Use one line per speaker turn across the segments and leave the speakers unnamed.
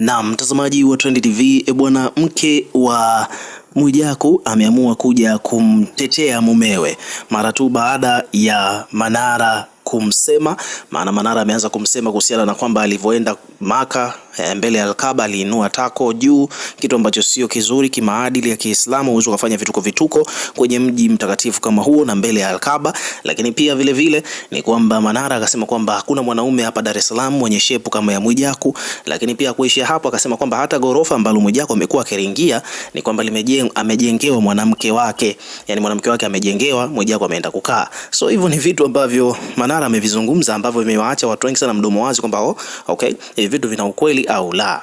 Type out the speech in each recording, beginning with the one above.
Na mtazamaji wa Trend TV, e bwana, mke wa Mwijaku ameamua kuja kumtetea mumewe mara tu baada ya Manara kumsema maana Manara ameanza kumsema kuhusiana na kwamba alivyoenda Maka eh, mbele ya Alkaba aliinua tako juu, kitu ambacho sio kizuri kimaadili ya Kiislamu. Huwezi kufanya vituko vituko kwenye mji mtakatifu kama huo na mbele ya Alkaba. Lakini pia vile vile ni kwamba Manara akasema kwamba hakuna mwanaume hapa Dar es Salaam mwenye shepu kama ya Mwijaku, lakini pia kuishia hapo akasema kwamba hata gorofa ambalo Mwijaku amekuwa akiringia ni kwamba limejeng, amejengewa mwanamke wake, yani mwanamke wake amejengewa, Mwijaku ameenda kukaa. So hivyo ni vitu ambavyo Manara amevizungumza ambavyo vimewaacha watu wengi sana mdomo wazi kwamba oh, okay vitu vina ukweli au la.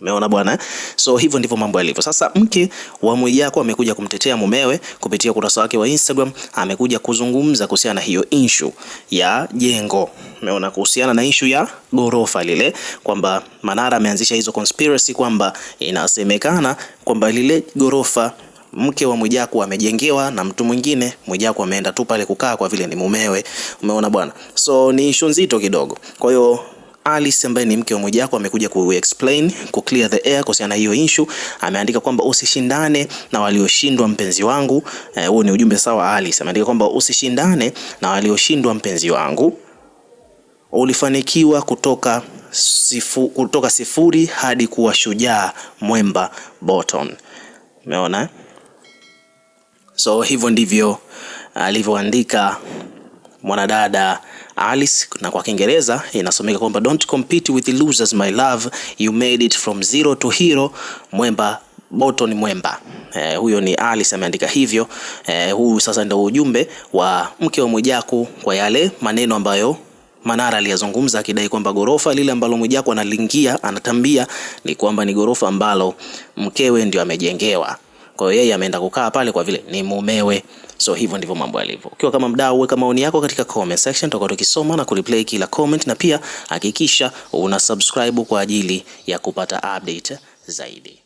Umeona bwana, so hivyo ndivyo mambo yalivyo. Sasa mke wa Mwijaku amekuja kumtetea mumewe kupitia ukurasa wake wa Instagram, amekuja kuzungumza kuhusiana na hiyo issue ya jengo. Umeona, kuhusiana na issue ya gorofa lile, kwamba Manara ameanzisha hizo conspiracy kwamba inasemekana kwamba lile gorofa mke wa Mwijaku amejengewa na mtu mwingine. Mwijaku ameenda tu pale kukaa kwa vile ni mumewe. Umeona bwana, so ni issue nzito kidogo, kwa hiyo Alice ambaye ni mke wa Mwijaku amekuja ku explain ku clear the air kuhusiana na hiyo issue. Ameandika kwamba usishindane na walioshindwa mpenzi wangu. Eh, huo eh, ni ujumbe sawa. Alice ameandika kwamba usishindane na walioshindwa mpenzi wangu, ulifanikiwa kutoka, sifu, kutoka sifuri hadi kuwa shujaa mwemba Bottom. Umeona, so hivyo ndivyo alivyoandika mwanadada Alice, na kwa Kiingereza inasomeka kwamba don't compete with losers my love you made it from zero to hero mwemba ni Mwemba. Eh, huyo ni Alice ameandika hivyo. Eh, huu sasa ndio ujumbe wa mke wa Mwijaku kwa yale maneno ambayo Manara aliyazungumza akidai kwamba gorofa lile ambalo Mwijaku analingia anatambia ni kwamba ni gorofa ambalo mkewe ndio amejengewa. Kwa hiyo yeye ameenda kukaa pale kwa vile ni mumewe. So hivyo ndivyo mambo yalivyo. Ukiwa kama mdau, weka maoni yako katika comment section, tutakuwa tukisoma na kureplay kila comment, na pia hakikisha una subscribe kwa ajili ya kupata update zaidi.